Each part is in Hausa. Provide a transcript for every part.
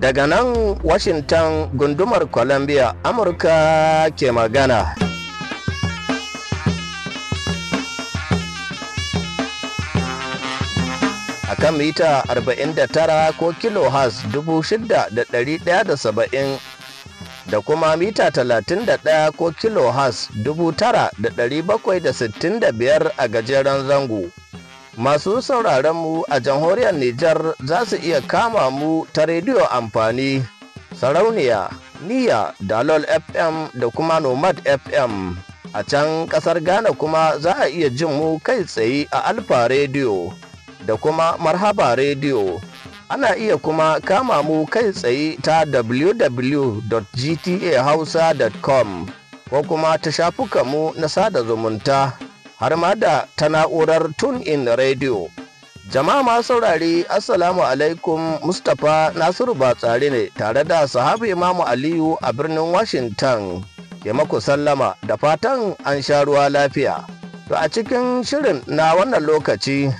daga nan washington gundumar columbia amurka ke magana a kan mita 49 ko kilohertz 6,170 da kuma mita 31 ko da kilohertz biyar a gajeren zango Masu sauraron mu a jamhuriyar Nijar za su iya kama mu ta rediyo amfani, sarauniya, niya, dalol FM da kuma nomad FM. A can ƙasar Ghana kuma za a iya jin mu kai tsaye a Alfa rediyo da kuma Marhaba rediyo. Ana iya kuma kama mu kai tsaye ta www.gtahausa.com ko kuma ta shafuka mu na sada zumunta. har ma da ta na'urar tune-in radio. Jama'a ma saurare Assalamu alaikum Mustapha Nasiru Batsari ne tare da sahabu Imamu Aliyu a birnin Washington ya maku sallama da fatan an sha ruwa lafiya. To a cikin shirin na wannan lokaci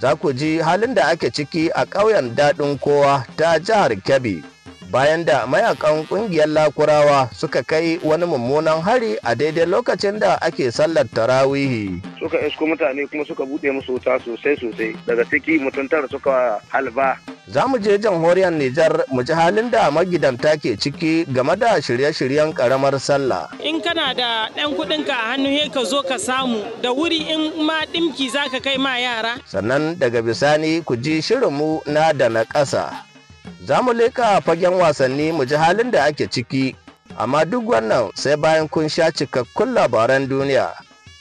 za ku ji halin da ake ciki a ƙauyen daɗin kowa ta jihar Kebbi bayan da mayakan kungiyar lakurawa suka kai wani mummunan hari a daidai lokacin da ake sallar tarawihi suka isko mutane kuma suka bude musu wuta sosai sosai daga ciki mutum tara suka halba za mu je jamhuriyar Nijar mu ji halin da magidanta ke ciki game da shirye-shiryen karamar sallah. In kana da ɗan kuɗin ka a hannu he ka zo ka samu da wuri in ma ɗimki za ka kai ma yara. Sannan daga bisani ku ji shirin mu na da na ƙasa. Za mu leka fagen wasanni mu ji halin da ake ciki, amma duk wannan sai bayan kun sha cikakkun labaran duniya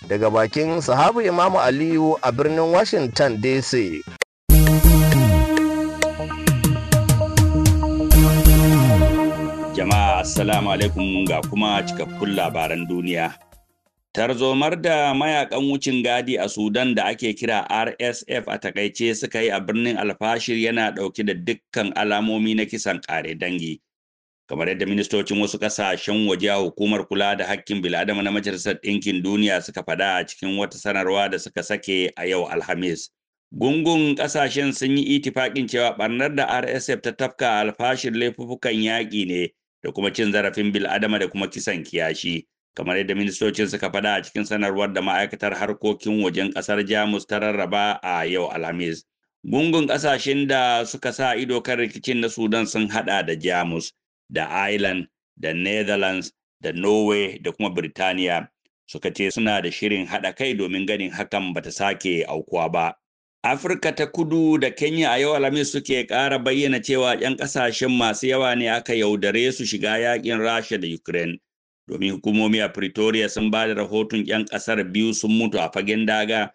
daga bakin sahabu Imamu Aliyu a birnin Washington DC. Jama'a Assalamu alaikum ga kuma cikakkun labaran duniya. Tarzomar da mayakan wucin gadi a Sudan da ake kira RSF a takaice suka yi a birnin alfashir yana ɗauke da dukkan alamomi na kisan ƙare dangi. Kamar yadda ministocin wasu ƙasashen waje a hukumar kula da hakkin bil'adama na Majalisar Ɗinkin Duniya suka faɗa a cikin wata sanarwa da suka sake a yau Alhamis. Gungun ƙasashen sun yi itifaƙin cewa ɓarnar da RSF ta tafka alfashir laifuffukan yaƙi ne da kuma cin zarafin bil'adama da kuma kisan kiyashi. kamar yadda ministocin suka faɗa a cikin sanarwar da ma'aikatar harkokin wajen ƙasar jamus ta rarraba a yau alhamis gungun ƙasashen da suka sa ido kan rikicin na sudan sun haɗa da jamus da ireland da netherlands da norway da kuma birtaniya suka ce suna da shirin haɗa kai domin ganin hakan bata sake aukuwa ba Afirka ta kudu da Kenya a yau Alhamis suke ƙara bayyana cewa 'yan ƙasashen masu yawa ne aka yaudare su shiga yakin Rasha da Ukraine domin hukumomi a Pretoria sun ba da rahoton 'yan ƙasar biyu sun mutu a fagen daga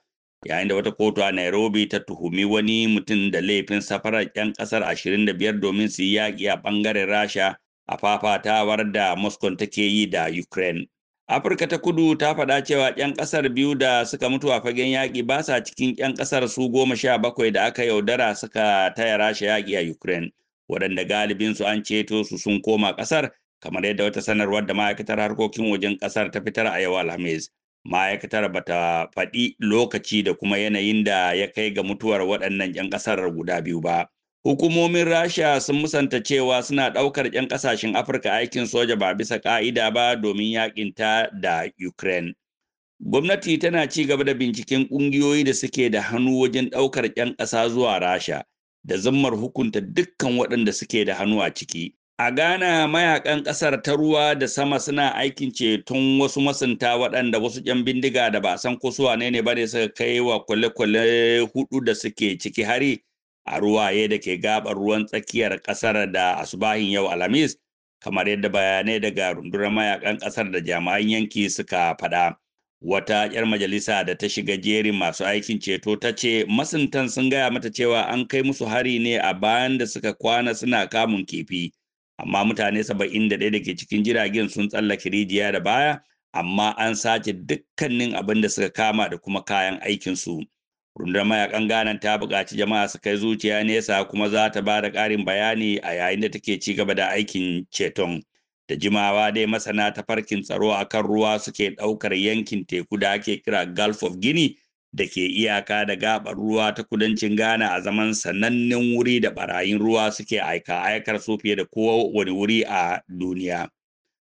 yayin da wata kotu a Nairobi ta tuhumi wani mutum da laifin safarar 'yan ƙasar 25 domin su yi yaƙi a ɓangaren Rasha a fafatawar da Moscow take yi da Ukraine. Afirka ta kudu ta faɗa cewa 'yan ƙasar biyu da suka mutu a fagen yaƙi ba sa cikin 'yan ƙasar su goma sha bakwai da aka yaudara suka taya rasha yaƙi a Ukraine, waɗanda galibinsu an ceto su sun koma ƙasar kamar yadda wata sanarwar da ma'aikatar harkokin wajen kasar ta fitar a yau alhamis ma'aikatar ba ta faɗi lokaci da kuma yanayin da ya kai ga mutuwar waɗannan 'yan ƙasar guda biyu ba hukumomin rasha sun musanta cewa suna ɗaukar 'yan ƙasashen afirka aikin soja ba bisa ƙa'ida ba domin yaƙinta da ukraine gwamnati tana ci gaba da binciken ƙungiyoyi da suke da hannu wajen ɗaukar 'yan ƙasa zuwa rasha da zammar hukunta dukkan waɗanda suke da hannu a ciki A Ghana mayakan ƙasar ta ruwa da sama suna aikin ceton wasu masunta waɗanda wasu ƴan bindiga da ba a san ko su ne ba ne suka kai wa kwale-kwale hudu da suke ciki hari a ruwaye da ke gabar ruwan tsakiyar ƙasar da asubahin yau Alhamis, kamar yadda bayanai daga rundunar mayakan ƙasar da jami'an yanki suka faɗa. Wata ƴar majalisa da ta shiga jerin masu aikin ceto ta ce masuntan sun gaya mata cewa an kai musu hari ne a bayan da suka kwana suna kamun kifi. amma mutane saba'in da ɗaya da ke cikin jiragen sun tsallake rijiya da baya amma an sace dukkanin abin da suka kama da kuma kayan aikinsu rundunar mayakan Ghana ta buƙaci jama'a su kai zuciya nesa kuma za ta ba da ƙarin bayani a yayin da take ci gaba da aikin ceton da jimawa dai masana ta farkin tsaro a kan ruwa suke ɗaukar yankin teku da ake kira gulf of guinea da ke iyaka da gabar ruwa ta kudancin Ghana a zaman sanannen wuri da barayin ruwa suke aika aikar su fiye da kowa wani wuri a duniya.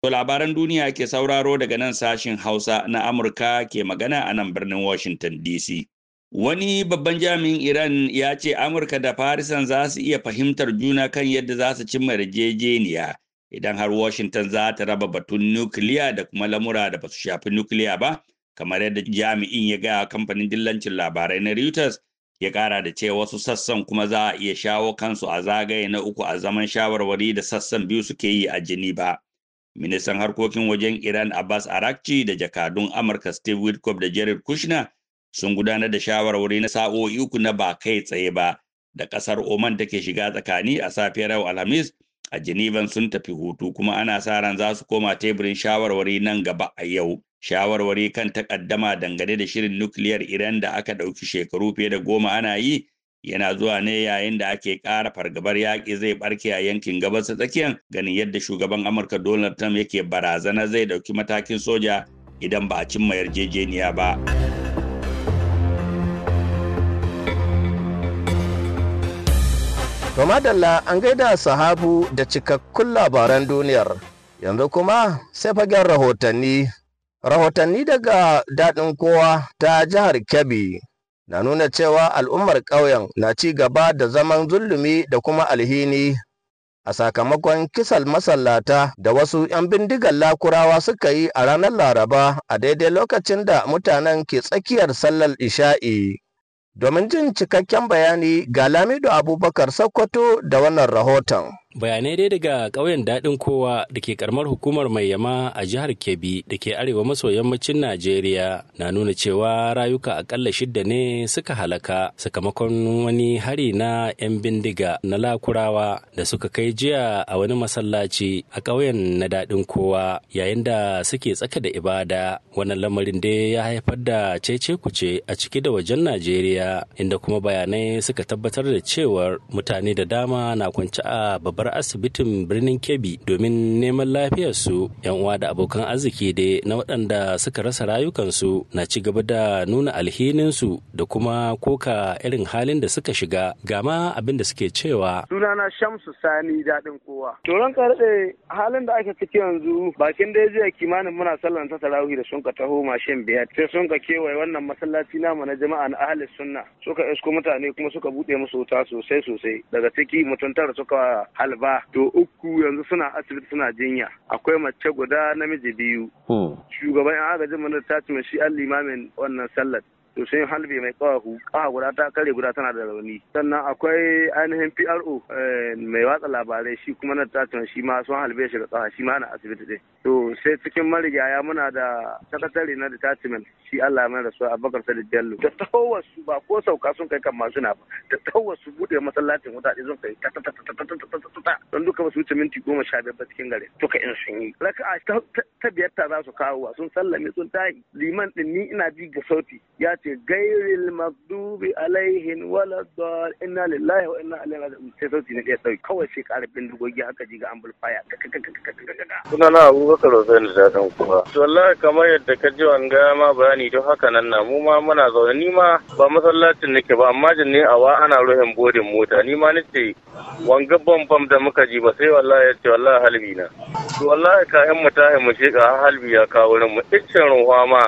To labaran duniya ke sauraro daga nan sashin Hausa na Amurka ke magana a nan birnin Washington DC. Wani babban jami'in Iran ya ce Amurka da Farisan za su iya fahimtar juna kan yadda za su cimma yarjejeniya idan har Washington za ta raba batun nukiliya da kuma lamura da ba su shafi nukiliya ba. kamar yadda jami'in ya gaya kamfanin dillancin labarai na Reuters ya kara da cewa wasu sassan kuma za a iya shawo kansu a zagaye na uku a zaman shawarwari da sassan biyu suke yi a Geneva. Ministan harkokin wajen Iran Abbas Arakci da jakadun Amurka Steve Witkoff da Jared Kushner sun gudanar da shawarwari na sa'o'i uku na ba kai tsaye ba da kasar Oman take shiga tsakani a safiyar yau Alhamis a Geneva sun tafi hutu kuma ana sa ran za su koma teburin shawarwari nan gaba a yau. shawarwari kan takaddama dangane da shirin nukiliyar Iran da aka ɗauki shekaru fiye da goma ana yi yana zuwa ne yayin da ake ƙara fargabar yaƙi zai barke a yankin gabas tsakiyar ganin yadda shugaban Amurka Donald Trump yake barazana zai ɗauki matakin soja idan ba a cimma yarjejeniya ba. To madalla an gaida sahabu da cikakkun labaran duniyar yanzu kuma sai fagen rahotanni Rahotanni daga daɗin kowa ta jihar Kebbi na nuna cewa al'ummar ƙauyen na ci gaba da zaman zulumi da kuma alhini a sakamakon kisal masallata da wasu 'yan bindigar lakurawa suka yi a ranar Laraba a daidai lokacin da mutanen ke tsakiyar sallar isha'i. Domin jin cikakken bayani ga Lamido Abubakar Sokoto da wannan rahoton. bayanai dai daga ƙauyen daɗin kowa da ke karamar hukumar mai yama a jihar kebbi da ke arewa maso yammacin najeriya na nuna cewa rayuka akalla shidda ne suka halaka sakamakon wani hari na 'yan bindiga na lakurawa da suka kai jiya a wani masallaci a ƙauyen na daɗin kowa yayin da suke tsaka da ibada wannan lamarin dai ya haifar da cece kuce a ciki da wajen najeriya inda kuma bayanai suka tabbatar da cewar mutane da dama na kwance a babbar kofar asibitin birnin Kebbi domin neman lafiyarsu. Yan uwa da abokan arziki dai na waɗanda suka rasa rayukansu na ci gaba da nuna alhininsu da kuma koka irin halin da suka shiga. Gama abin da suke cewa. Sunana Shamsu Sani daɗin kowa. Turan karɗe halin da aka ciki yanzu bakin da ya kimanin muna sallan ta da sunka ka taho mashin biyar sai sun kewaye wannan masallaci namu na jama'a na ahalis sunna suka isko mutane kuma suka buɗe musu wuta sosai sosai daga ciki mutum tara suka halin ɗaliba to uku yanzu suna asibiti suna jinya akwai mace guda namiji biyu hmm. shugaban yan agajin mana ta ci shi an limamin wannan sallad. to sai halbe mai ku kawa guda ta kare guda tana da rauni sannan akwai ainihin PRO mai watsa labarai shi kuma na tatun shi ma sun halbe shi da kawa shi ma na asibiti ɗin to sai cikin marigaya muna da sakatare na detachment shi Allah mai rasu a bakar sa da da su ba ko sauka sun kai kan masu na ba da tawasu su bude masallacin wuta ɗin sun kai ta ta ta ta ta ta ta ta don duka ba su wuce minti goma sha biyar ba cikin gare duka in sun yi raka'a ta biyar ta za su kawo sun sallame sun tahi liman ɗin ni ina bi ga sauti ya ce ce gairil magdubi alaihin wala dal inna lillahi wa inna ilaihi raji'un sai sauti na ɗaya sauki kawai sai ƙara dugogi haka ji ga amplifier suna na abubakar hussein da dadan kuma to wallahi kamar yadda ka ji an gaya ma bayani don haka nan na mu ma muna zaune ni ma ba masallacin nake ba amma jin ne awa ana ruhin bodin mota ni ma nace wanga bom-bom da muka ji ba sai wallahi ya ce wallahi halbi na to wallahi ka yan mu shi ka halbi ya kawo mu iccen ruwa ma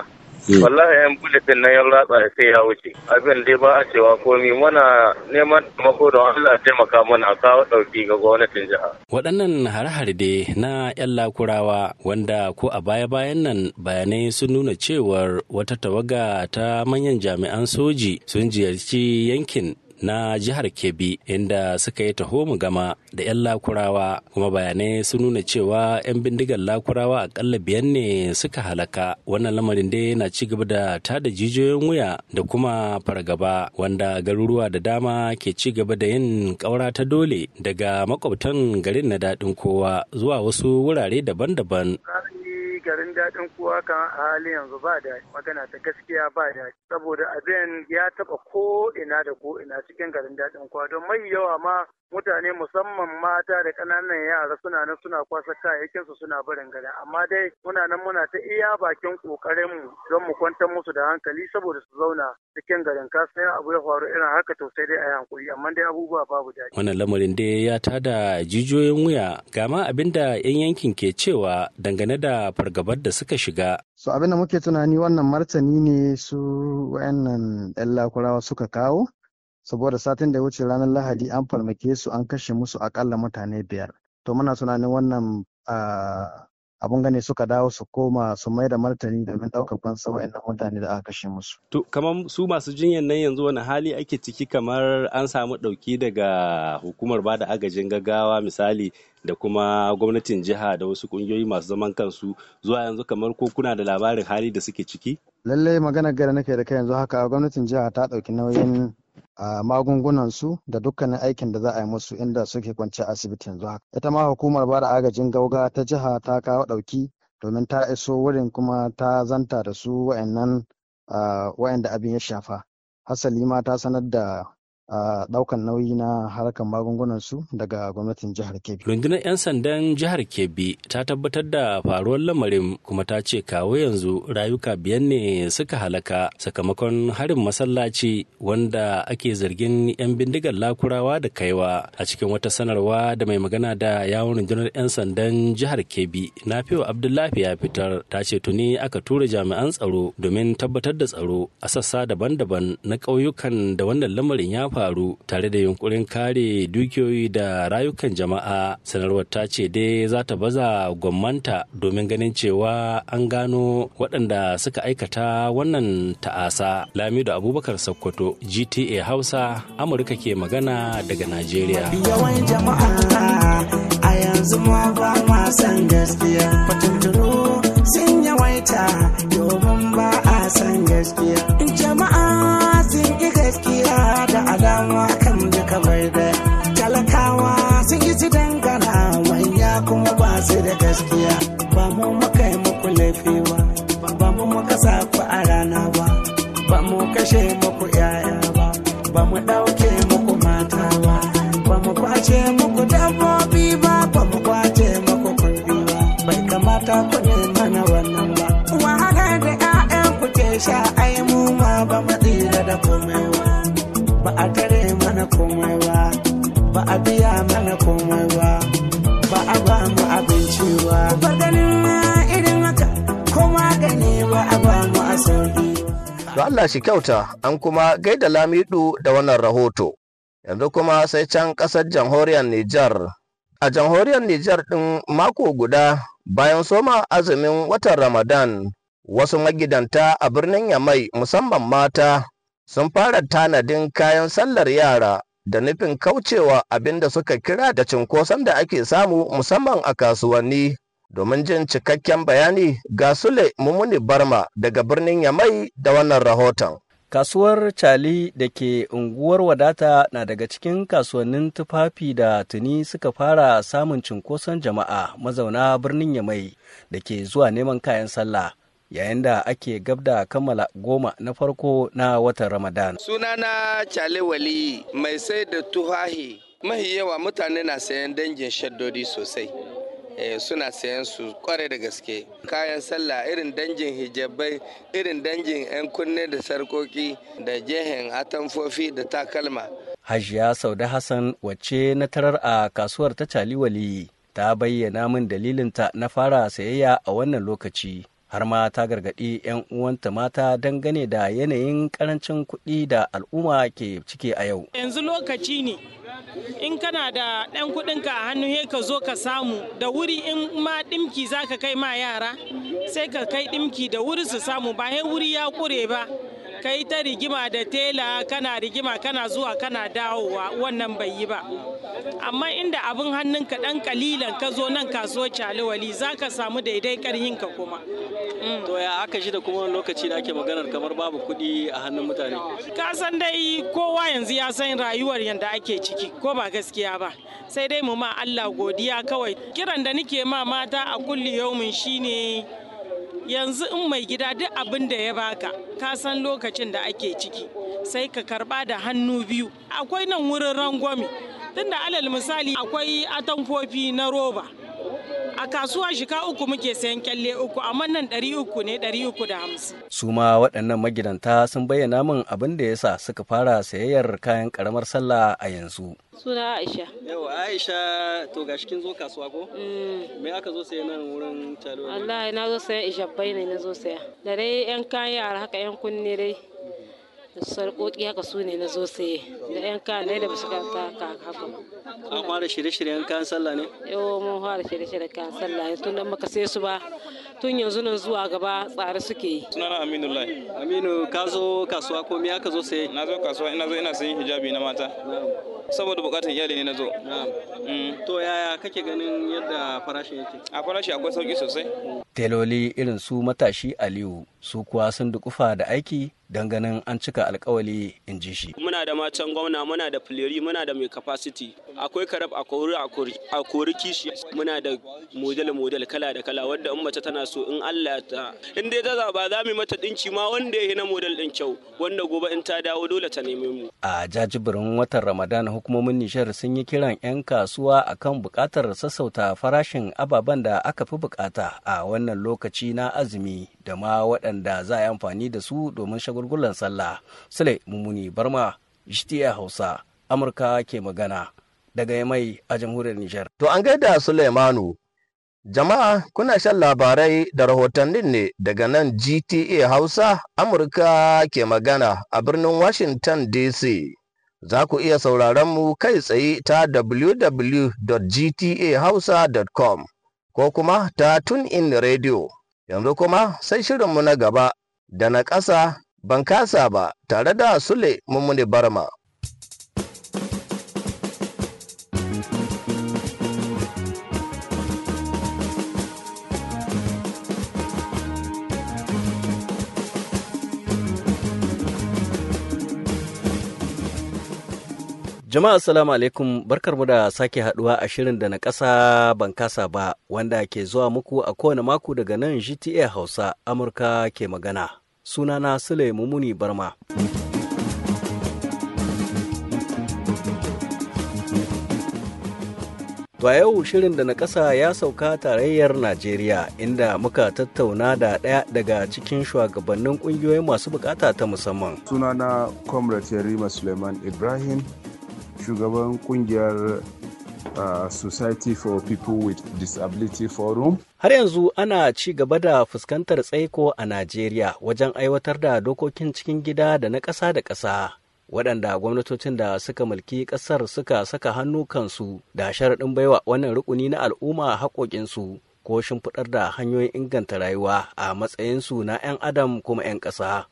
Hmm. wallahi yan bulletin na yan ratsa sai ya wuce abin dai ba a cewa komi mana neman taimako don Allah taimaka mana a kawo ɗauki ga gwamnatin jiha. waɗannan har-har dai na yan lakurawa wanda ko a baya-bayan nan bayanai sun nuna cewar wata tawaga ta manyan jami'an soji sun ziyarci yankin na jihar Kebbi inda suka yi taho mu gama da 'yan lakurawa kuma bayanai sun nuna cewa 'yan bindigar lakurawa akalla biyan ne suka halaka wannan lamarin dai na ci gaba da tada jijiyoyin wuya da kuma fargaba wanda garuruwa da dama ke ci gaba da yin ƙaura ta dole daga makwabtan garin na daɗin kowa zuwa wasu wurare daban-daban. garin daɗin kowa kan halin yanzu ba da magana ta gaskiya ba da saboda abin ya taɓa ko ina da ko ina cikin garin daɗin kowa don mai yawa ma mutane musamman mata da ƙananan yara suna nan suna kwasa kayayyakin su suna barin gari amma dai muna nan muna ta iya bakin kokarin mu don mu kwantar musu da hankali saboda su zauna cikin garin kasayen abu ya faru irin haka to dai a yi hankuri amma dai abubuwa babu daɗi. wannan lamarin dai ya tada jijiyoyin wuya ga ma abin da 'yan yankin ke cewa dangane da fargabar da suka shiga so abin da muke tunani wannan martani ne su wayannan 'yan lakurawa suka kawo saboda satin da wuce ranar lahadi an farmake su an kashe musu akalla mutane biyar to muna tunanin wannan abun gane suka dawo su koma su mai da martani domin daukar fansa wa'annan mutane da aka kashe musu. To kamar su masu jinyar nan yanzu wani hali ake ciki kamar an samu ɗauki daga hukumar bada agajin gaggawa misali da kuma gwamnatin jiha da wasu kungiyoyi masu zaman kansu zuwa yanzu kamar ko kuna da labarin hali da suke ciki? Lallai magana gara nake da kai yanzu haka gwamnatin jiha ta ɗauki nauyin magungunansu da dukkanin aikin da za a yi musu inda suke kwance asibiti yanzu haka. Ita ma hukumar bada agajin gauga ta jiha ta kawo ɗauki domin ta iso wurin kuma ta zanta da su wa'annan wa'anda abin ya shafa. Hasali ma ta sanar da a daukan nauyi na harkar magungunan su daga gwamnatin jihar Kebbi. Rundunar 'yan sandan jihar Kebbi ta tabbatar da faruwar lamarin kuma ta ce kawo yanzu rayuka biyan ne suka halaka sakamakon harin masallaci wanda ake zargin 'yan bindigar lakurawa da kaiwa a cikin wata sanarwa da mai magana da yawon rundunar 'yan sandan jihar Kebbi na fiwa Abdullahi ya fitar ta ce tuni aka tura jami'an tsaro domin tabbatar da tsaro a sassa daban-daban na ƙauyukan da wannan lamarin ya faru tare da yunkurin kare dukiyoyi da rayukan jama'a sanarwar ta ce dai za ta baza gwammanta domin ganin cewa an gano waɗanda suka aikata wannan ta'asa lamido abubakar sokoto gta hausa amurka ke magana daga najeriya yawan jama'a a yanzu gaskiya su da gaskiya ba mu muka yi muku laifi ba ba mu muka sa ku a rana ba ba mu kashe muku yaya ba ba mu ɗauke muku mata ba ba mu kwace muku dabbobi ba ba mu kwace muku kuɗi ba bai kamata ku ne mana wannan ba wahalar da 'ya'yan ku ke sha ai mu ma ba mu tsira da komai ba ba a tare mana komai ba ba a biya mana To Allah shi kyauta an kuma gaida Lamidu da wannan rahoto. Yanzu kuma sai can ƙasar jamhuriyar Nijar. A jamhuriyar Nijar ɗin mako guda bayan soma azumin watan Ramadan wasu magidanta a birnin Yamai musamman mata sun fara tanadin kayan sallar yara da nufin kaucewa abin da suka kira da cinkoson da ake samu musamman a kasuwanni Domin jin cikakken bayani ga Sule Mumuni Barma daga birnin Yamai da wannan rahoton. Kasuwar Cali da ke unguwar wadata na daga cikin kasuwannin tufafi da tuni suka fara samun cinkoson jama'a mazauna birnin Yamai da ke zuwa neman kayan sallah. yayin da ake gabda kammala goma na farko na watan Ramadan. Sunana Cale Wali mai sai da tuhahi mahi yawa mutane na sayan dangin shaddodi sosai. Eh, suna sayan su kware da gaske kayan sallah irin dangin hijabai irin dangin 'yan kunne da sarkoki da jehen atamfofi da takalma hajiya sauda hassan wacce na tarar a kasuwar ta caliwali ta bayyana min dalilinta na fara sayayya a wannan lokaci har ma ta gargaɗi 'yan uwanta mata dangane da yanayin karancin kuɗi da al'umma ke ciki a yau. Yanzu lokaci ne in kana da ɗan kuɗinka a hannu he ka zo ka samu da wuri in ma ɗimki za ka kai ma yara sai ka kai ɗimki da wuri su samu ba he wuri ya ƙure ba. ka ta rigima da tela kana rigima kana zuwa kana dawowa wannan bai yi ba amma inda abin hannun ka dan kalilan ka zo nan kasuwar caliwali za ka samu daidai karhin ka kuma mm. to ya aka shi da kuma wani lokaci da ake maganar kamar babu kuɗi a hannun mutane ka san dai kowa yanzu ya san rayuwar yanda ake ciki ko ba gaskiya ba sai dai mu ma Allah godiya kawai kiran da nake ma mata a kulli yaumin shine yanzu in mai gida duk abin da ya baka ka san lokacin da ake ciki sai ka karba da hannu biyu akwai nan wurin rangwami tunda alal misali akwai atamfofi na roba a kasuwa shi ka uku muke sayan kyalle uku amma nan ɗari uku ne ɗari uku da hamsin. su ma waɗannan magidanta sun bayyana min abin da yasa suka fara sayayyar kayan karamar sallah a yanzu. suna aisha yawa aisha to gashi kin zo kasuwa ko mm. me aka zo saya nan wurin talo allah na zo saya ishabbai ne na zo saya da dai yan kayan yara haka yan kunne dai sarƙoƙi haka su ne na zo saye da yan kayan ne da basu ga haka haka an fara shirye-shiryen kayan sallah ne yau mun fara shirye-shiryen kayan sallah tun dan muka sai su ba tun yanzu nan zuwa gaba tsare suke yi sunana aminu lai aminu ka zo kasuwa ko miya aka zo sai na zo kasuwa ina zo ina sayin hijabi na mata saboda bukatun iyali ne na zo mm. to yaya kake ganin yadda farashi yake a farashi akwai sauki sosai teloli irin su matashi aliyu su kuwa sun dukufa da aiki don ganin an cika alkawali in ji shi muna da macen gwamna muna da fileri muna da mai capacity akwai karab a kori kishi muna da model model kala da kala wadda in mace tana so in allah ta in dai ta ba za mu mata dinci ma wanda ya na model din kyau wanda gobe in ta dawo dole ta neme mu a jajibirin watan ramadan hukumomin nishar sun yi kiran 'yan kasuwa akan bukatar sassauta farashin ababen da aka fi bukata a wannan wannan lokaci na azumi da ma waɗanda za a yi amfani da su domin shagulgulan sallah sule mummuni barma ishtiya hausa amurka ke magana daga mai a jamhuriyar nijar to an gaida suleimanu jama'a kuna shan labarai da rahotannin ne daga nan gta hausa amurka ke magana a birnin washington dc za ku iya sauraron mu kai tsaye ta www.gtahausa.com ko kuma ta tun in rediyo. Yanzu kuma sai shirinmu na gaba da na ƙasa ban kasa ba tare da Sule Mummuni Barma. Jama'a assalamu alaikum barkarmu da sake haduwa a shirin da na kasa ban kasa ba wanda ke zuwa muku a kowane mako daga nan GTA Hausa Amurka ke magana. Sunana Sule Mumuni Barma. To yau shirin da na kasa ya sauka tarayyar Najeriya inda muka tattauna da ɗaya daga cikin shugabannin ƙungiyoyin masu bukata ta musamman. Sunana Comrade Yarima Suleiman Ibrahim shugaban kungiyar Uh, Society for People with Disability Forum. Har yanzu ana ci gaba da fuskantar tsaiko a Najeriya wajen aiwatar da dokokin cikin gida da na ƙasa da ƙasa. waɗanda gwamnatocin da suka mulki ƙasar suka saka hannu kansu da sharaɗin baiwa wannan rukuni na al'umma haƙoƙinsu ko shimfiɗar da hanyoyin inganta rayuwa a matsayinsu na 'yan adam kuma 'yan ƙasa.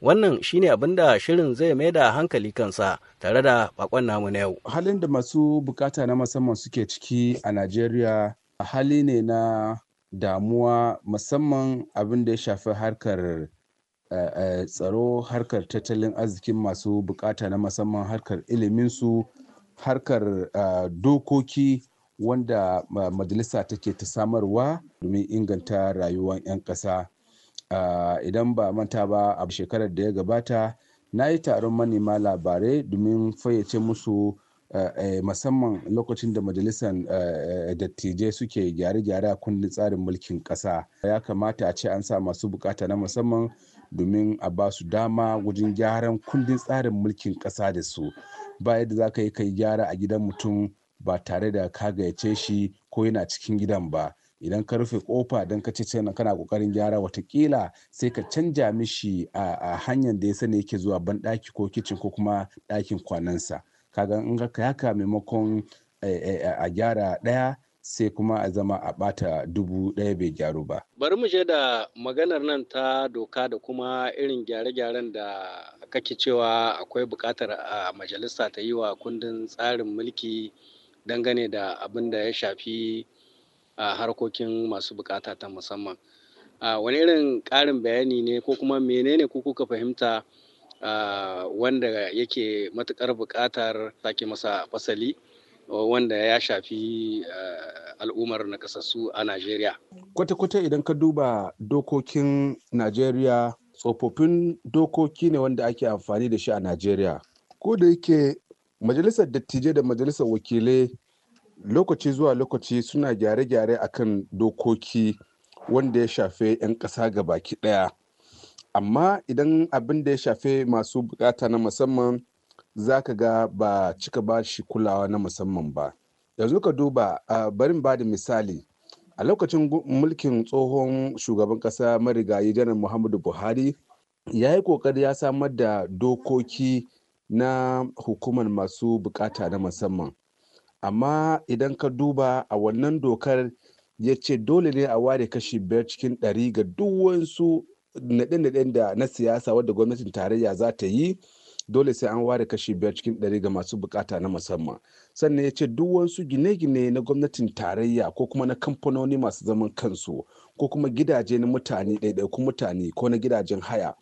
wannan shine abin da shirin zai mai da hankali kansa tare da bakon namu na yau halin da masu bukata na musamman suke ciki a najeriya hali ne na damuwa musamman abin da ya shafi harkar eh, eh, tsaro harkar tattalin arzikin masu bukata na musamman harkar su harkar eh, dokoki wanda majalisa take ta samarwa domin inganta rayuwar 'yan ƙasa idan ba mata ba a shekarar da ya gabata na yi taron manema labarai domin fayyace musu musamman lokacin da majalisar dattijai suke gyare-gyare a kundin tsarin mulkin ƙasa ya kamata a ce an sa masu bukata na musamman domin a ba su dama wajen gyaran kundin tsarin mulkin ƙasa da su ba yadda za ka yi kai gyara a gidan mutum ba tare da ka gayyace shi ko yana cikin gidan ba idan ka rufe kofa don ka ce kana kokarin gyara watakila sai ka canja mishi a hanyar da ya sani yake zuwa banɗaki ko kicin ko kuma ɗakin kwanansa kaga in ka haka maimakon eh, eh, eh, a gyara ɗaya sai kuma a zama a ɓata dubu ɗaya bai gyaru ba. Bari mu da maganar nan ta doka da kuma irin gyare-gyaren da kake cewa akwai buƙatar a majalisa ta yi wa kundin tsarin mulki dangane da abin da ya shafi a harkokin masu bukata ta musamman wani irin ƙarin bayani ne ko kuma ne ku kuka fahimta wanda yake matukar buƙatar sake masa fasali wanda ya shafi al'ummar nakasassu a najeriya kwata-kwata idan ka duba dokokin najeriya tsofaffin dokoki ne wanda ake amfani da shi a najeriya ko da yake majalisar dattijai da majalisar wakilai lokaci zuwa lokaci suna gyare-gyare akan dokoki wanda ya shafe 'yan ƙasa ga baki ɗaya amma idan abin da ya shafe masu bukata na musamman za ka ga ba cika ba shi kulawa na musamman ba yanzu ka duba a barin ba da misali a lokacin mulkin tsohon shugaban ƙasa marigayi janar muhammadu buhari ya yi ƙoƙari ya samar da dokoki na hukumar masu bukata na musamman amma idan ka duba a wannan dokar ya ce dole ne a ware kashi biyar cikin ɗari ga duwansu naɗe naɗe da na siyasa wadda gwamnatin tarayya za ta yi dole sai an ware kashi biyar cikin ɗari ga masu bukata na musamman sannan ya ce duwansu gine-gine na gwamnatin tarayya ko kuma na kamfanoni masu zaman kansu ko kuma gidaje na mutane ɗaiɗaikun mutane ko na gidajen haya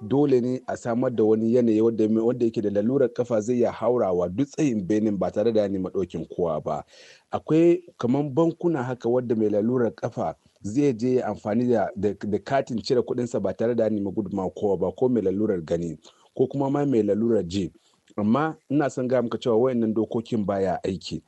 dole ne a samar da wani yanayi wanda yake da lalurar kafa zai ya haurawa duk tsayin benin ba tare da nima nema ɗaukin kowa ba akwai kamar bankuna haka wadda mai lalurar kafa zai je ya amfani da katin cire kuɗinsa ba tare da nima nema kowa ba ko mai lalurar gani ko kuma ma mai lalurar ji amma ina son gaya muka cewa wayannan dokokin baya aiki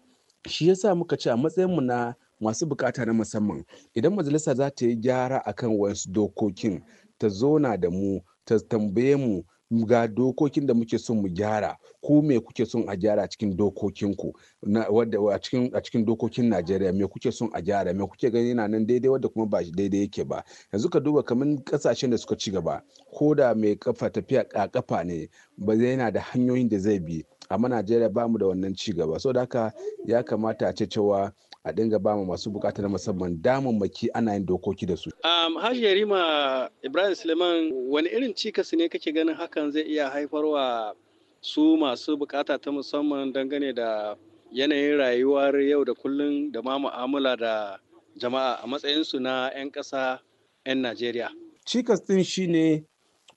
shi yasa muka ce a matsayin mu na masu bukata na musamman idan majalisa za ta yi gyara akan wasu dokokin ta zona da mu ta tambaye mu ga dokokin da muke son mu gyara ko me kuke son a gyara cikin dokokinku a cikin dokokin najeriya me kuke son a gyara me kuke gani yana nan daidai wadda kuma ba daidai yake ba yanzu ka duba kamar kasashen da suka ci gaba ko da mai kafa tafiya a kafa ne ba zai yana da hanyoyin da zai bi amma najeriya ba mu da wannan ci gaba so da haka ya kamata a ce cewa a dinga ba mu masu bukata na musamman maki ana yin dokoki da su. Um, Yarima Ibrahim Suleiman wani irin cikas ne kake ganin hakan zai iya haifarwa su masu bukata ta musamman dangane da yanayin rayuwar yau da kullum da ma mu'amala da jama'a a matsayinsu na 'yan ƙasa 'yan Najeriya. Cikas ɗin ne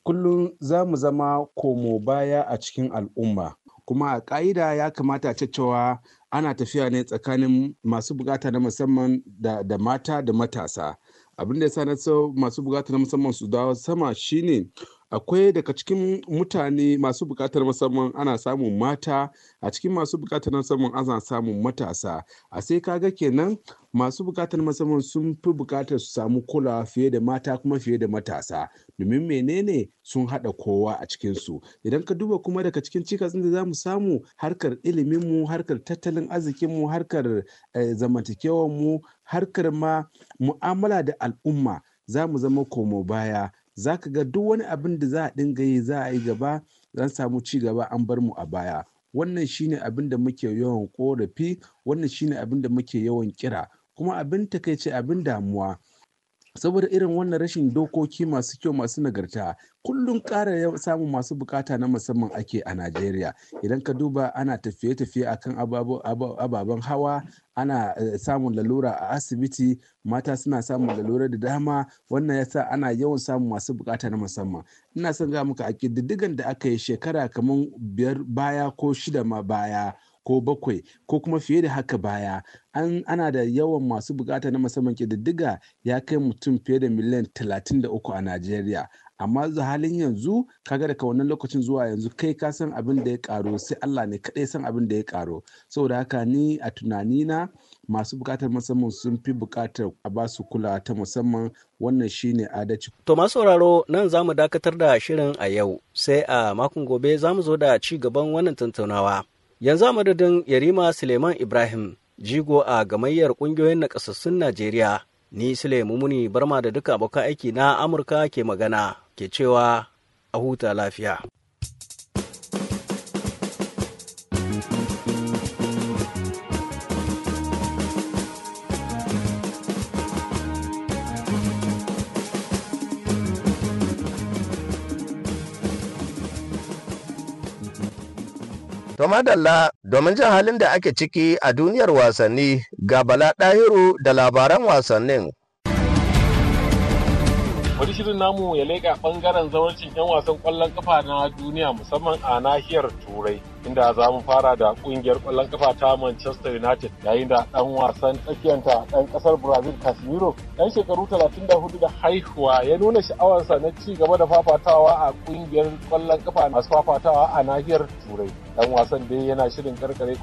kullum za mu zama komo baya a cikin al'umma. kuma a ƙa'ida ya kamata a cewa ana tafiya ne tsakanin masu bukata na musamman da, mata da matasa abin da ya sa na masu bukata na musamman su dawo sama shine akwai daga cikin mutane masu bukatar musamman ana samun mata a cikin masu bukatar musamman ana samun matasa a sai kaga kenan masu bukatar musamman sun fi bukatar su samu kulawa fiye da mata kuma fiye da matasa domin menene sun hada kowa a cikinsu idan ka duba kuma daga cikin cikasin da za mu samu harkar iliminmu harkar tattalin arzikinmu harkar eh, zamantakewarmu harkar ma mu'amala da al'umma za mu zama komo baya za ka ga duk wani abin da za a dinga yi za a yi gaba zan samu ci gaba an bar mu a baya wannan shine abin da muke yawan korafi wannan shine abin da muke yawan kira kuma abin takaice abin damuwa saboda irin wannan rashin dokoki masu kyau masu nagarta kullum ƙara samun masu bukata na musamman ake a najeriya idan ka duba ana tafiye-tafiye akan ababen hawa ana eh, samun lalura a asibiti mata suna samun lalura da dama wannan yasa ana yawan samun masu bukata na musamman ina son ga muka a kididdigan da aka yi shekara kamar biyar baya ko shida ma baya ko bakwai ko kuma fiye da haka baya an ana da yawan masu bukata na musamman ƙididdiga ya kai mutum fiye da miliyan 33 a najeriya amma za halin yanzu kaga daga wannan lokacin zuwa yanzu kai ka san abin da ya karo sai allah ne kaɗai san abin da ya karo saboda haka ni a tunani na, masu bukatar musamman sun fi bukatar a ba su kula ta musamman wannan shine adaci. To masu sauraro nan za mu dakatar da shirin a yau sai a makon gobe za mu zo da ci gaban wannan tattaunawa. yanzu a madadin yarima suleiman ibrahim jigo a gamayyar ƙungiyoyin nakasassun najeriya ni sule mumuni barma da duka abokan aiki na amurka ke magana ke cewa a huta lafiya kuma dalla domin jin halin da ake ciki a duniyar wasanni ga Bala Ɗahiru da labaran wasannin. Wani shirin namu ya leƙa ɓangaren zaurancin 'yan wasan ƙwallon ƙafa na duniya musamman a nahiyar Turai. inda za mu fara da kungiyar kwallon kafa ta Manchester United yayin da dan wasan tsakiyanta dan kasar Brazil Casemiro dan shekaru 34 da haihuwa ya nuna sha'awarsa na ci gaba da fafatawa a kungiyar kwallon kafa masu fafatawa a nahiyar Turai. Dan wasan dai yana shirin karkare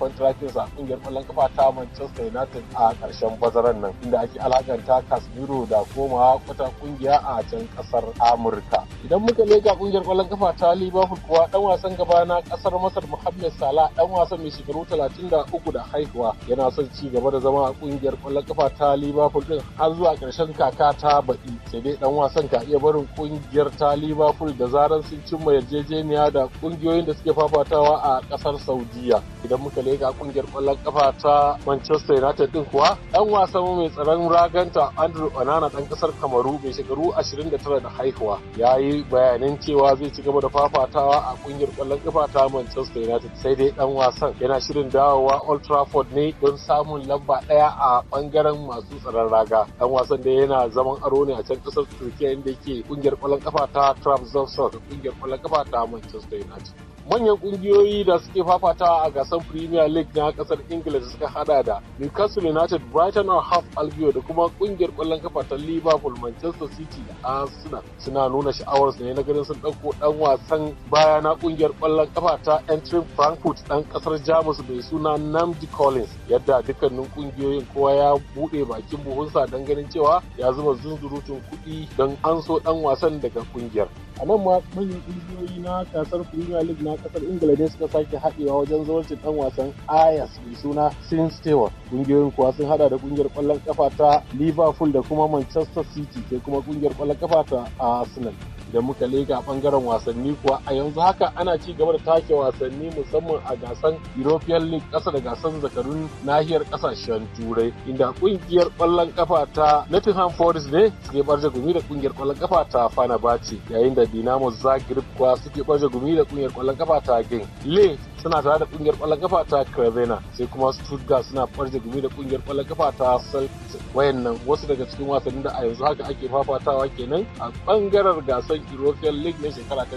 sa a kungiyar kwallon kafa ta Manchester United a karshen bazaran nan inda ake alakanta Casemiro da komawa kwata kungiya a can kasar Amurka. Idan muka leka kungiyar kwallon kafa ta Liverpool kuwa dan wasan gaba na kasar Masar Ahmed Salah dan wasan mai shekaru 33 da haihuwa yana son ci gaba da zama a kungiyar kwallon kafa ta Liverpool din har zuwa karshen kaka ta baɗi sai dai dan wasan ka iya barin kungiyar ta Liverpool da zaran sun cimma yarjejeniya da kungiyoyin da suke fafatawa a kasar Saudiya idan muka leka kungiyar kwallon kafa ta Manchester United din kuwa Ɗan wasan mai tsaron raganta Andrew Onana dan ƙasar Kamaru mai shekaru 29 da haihuwa ya yi bayanin cewa zai ci gaba da fafatawa a kungiyar kwallon kafa ta Manchester United united sai dai dan wasan yana shirin dawowa old trafford ne don samun lamba daya a bangaren masu tsaron raga dan wasan da yana zaman aro ne a can kasar turkiya inda yake kungiyar kwallon kafa ta trabzonspor da kungiyar kwallon kafa ta manchester united manyan kungiyoyi da suke fafatawa a gasar premier league na kasar ingila da suka hada da newcastle united brighton or half albio da kuma kungiyar kwallon kafa ta liverpool manchester city da arsenal suna nuna sha'awar su ne na ganin sun dauko dan wasan baya na kungiyar kwallon kafa ta entering frankfurt dan kasar jamus mai suna namdi collins yadda dukkanin kungiyoyin kowa ya bude bakin buhunsa dan ganin cewa ya zuba zunzurutun kuɗi don an so dan wasan daga kungiyar a nan ma manyan kungiyoyi na gasar premier league na na kasar ingila ne suka sake haɗewa wajen zawarci dan wasan ayas mai suna sin stewart kungiyoyin kuwa sun hada da kungiyar kwallon kafa ta liverpool da kuma manchester city sai kuma kungiyar kwallon kafa ta arsenal da muka lega bangaren wasanni kuwa a yanzu haka ana ci gaba da take wasanni musamman a gasan european league kasa da gasan zakarun nahiyar kasashen turai inda kungiyar kwallon kafa ta nottingham forest ne suke barje gumi da kungiyar kwallon kafa ta fenerbahce yayin da dinamo zagreb kuwa suke barje gumi da kungiyar kwallon kafa ta gen le suna tare da kungiyar kwallon kafa ta kravena sai kuma Stuttgart suna farje gumi da kungiyar kwallon kafa ta Celtic wayannan wasu daga cikin wasannin da a yanzu haka ake fafatawa kenan a bangaren gasar european league na shekara ta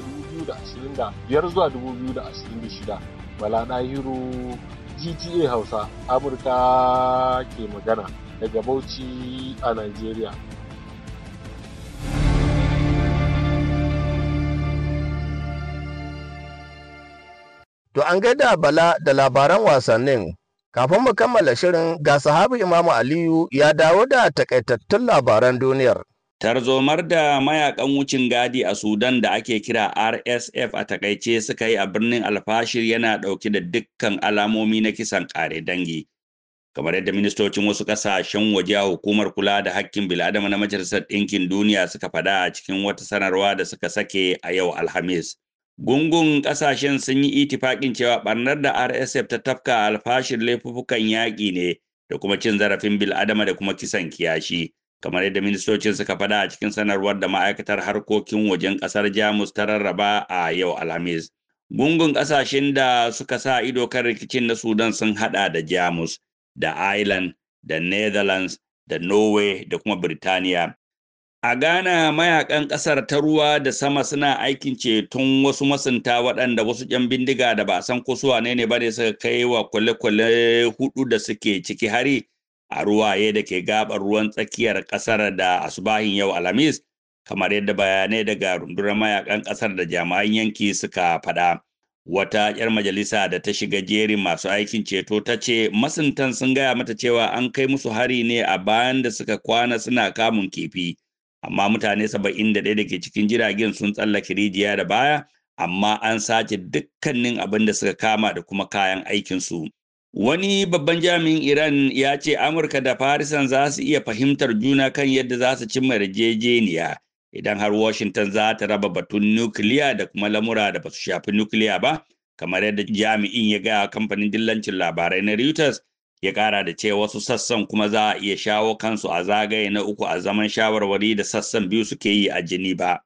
biyar zuwa 2026 bala hiru gta hausa amurka ke magana daga bauchi a nigeria To an gaida bala da labaran wasannin kafin mu kammala shirin ga sahabu imamu aliyu ya dawo da takaitattun labaran duniyar. Tarzomar da mayakan wucin gadi a Sudan da ake kira RSF a takaice suka yi a birnin alfashir yana ɗauke da dukkan alamomi na kisan ƙare dangi. Kamar yadda ministocin wasu ƙasashen waje a hukumar kula da hakkin bil'adama na Majalisar Ɗinkin Duniya suka faɗa a cikin wata sanarwa da suka sake a yau Alhamis. Gungun ƙasashen sun yi itifaƙin cewa ɓarnar da RSF ta tafka alfashir laifuffukan yaƙi ne da kuma cin zarafin bil'adama da kuma kisan kiyashi. kamar yadda ministocin suka faɗa a cikin sanarwar da ma'aikatar harkokin wajen ƙasar jamus ta rarraba a yau alhamis gungun ƙasashen da suka sa ido kan rikicin na sudan sun haɗa da jamus da ireland da netherlands da norway da kuma birtaniya a ghana mayakan ƙasar ta ruwa da sama suna aikin ceton wasu masunta waɗanda wasu ƴan bindiga da ba a san ko su ne ne ba ne suka kai wa kwale-kwale hudu da suke ciki hari a ruwaye da ke gabar ruwan tsakiyar kasar da asubahin yau alhamis kamar yadda bayanai daga rundunar mayakan kasar da jami'an yanki suka faɗa wata 'yar majalisa da ta shiga jerin masu aikin ceto ta ce masuntan sun gaya mata cewa an kai musu hari ne a bayan da suka kwana suna kamun kifi amma mutane 71 da ke cikin jiragen sun tsallake rijiya da baya amma an sace dukkanin abin da suka kama da kuma kayan aikinsu Wani babban jami'in Iran ya ce Amurka da Farisan za su iya fahimtar juna kan yadda za su cimma yarjejeniya idan har Washington za ta raba batun nukiliya da kuma lamura da ba su shafi nukiliya ba, kamar yadda jami'in ya gaya kamfanin dillancin labarai na Reuters ya kara da ce wasu sassan kuma za a iya shawo kansu a zagaye na uku a zaman shawarwari da sassan biyu suke yi a jini ba.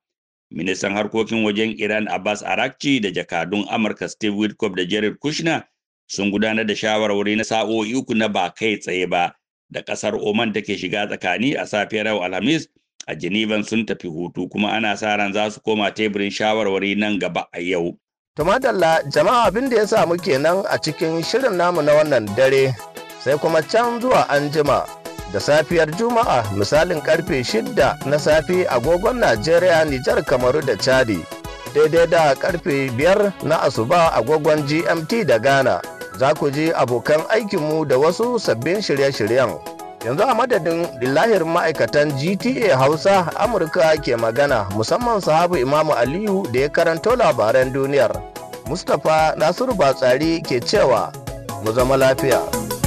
Ministan harkokin wajen Iran Abbas Arakci da jakadun Amurka Steve Witkoff da Jared Kushner sun gudanar da shawarwari na sa'o'i uku na ba kai tsaye ba da ƙasar Oman take shiga tsakani a safiyar yau Alhamis a Geneva sun tafi hutu kuma ana sa ran za su koma teburin shawarwari nan gaba a yau. Tumadalla jama'a abin da ya samu kenan a cikin shirin namu na wannan dare sai kuma can zuwa an jima da safiyar Juma'a misalin karfe shidda na safi agogon Najeriya, Nijar, Kamaru da Chadi. Daidai da karfe biyar na asuba agogon GMT da Ghana. za ku ji abokan aikinmu da wasu sabbin shirye-shiryen. Yanzu a madadin lahir ma'aikatan GTA Hausa Amurka ke magana musamman sahabu Imamu Aliyu da ya karanto labaran duniyar. Mustapha Nasiru Batsari ke cewa mu zama lafiya.